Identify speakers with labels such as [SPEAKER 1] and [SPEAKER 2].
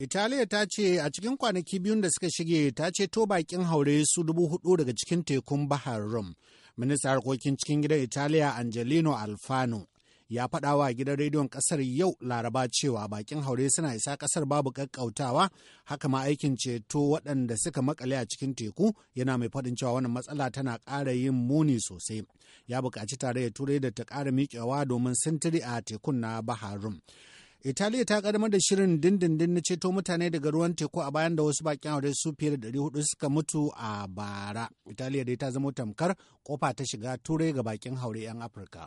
[SPEAKER 1] Italiya ta ce a cikin kwanaki biyun da suka shige ta ceto bakin haure su dubu hudu daga cikin tekun Bahar Rum. Ministan harkokin cikin gidan Italiya Angelino Alfano ya faɗa wa gidan rediyon ƙasar yau Laraba cewa bakin haure suna isa ƙasar babu ƙaƙƙautawa haka ma aikin ceto waɗanda suka makale a cikin teku yana mai faɗin cewa wannan matsala tana ƙara yin muni sosai. Ya buƙaci tare da turai da ta ƙara miƙewa domin sintiri a tekun na Bahar Rum. Italiya ta kaddamar da shirin dindindin na ceto mutane daga ruwan teku a bayan da wasu bakin aure su fiye da 400 suka mutu a bara. Italiya dai ta zama tamkar kofa ta shiga turai ga bakin haure 'yan Afirka.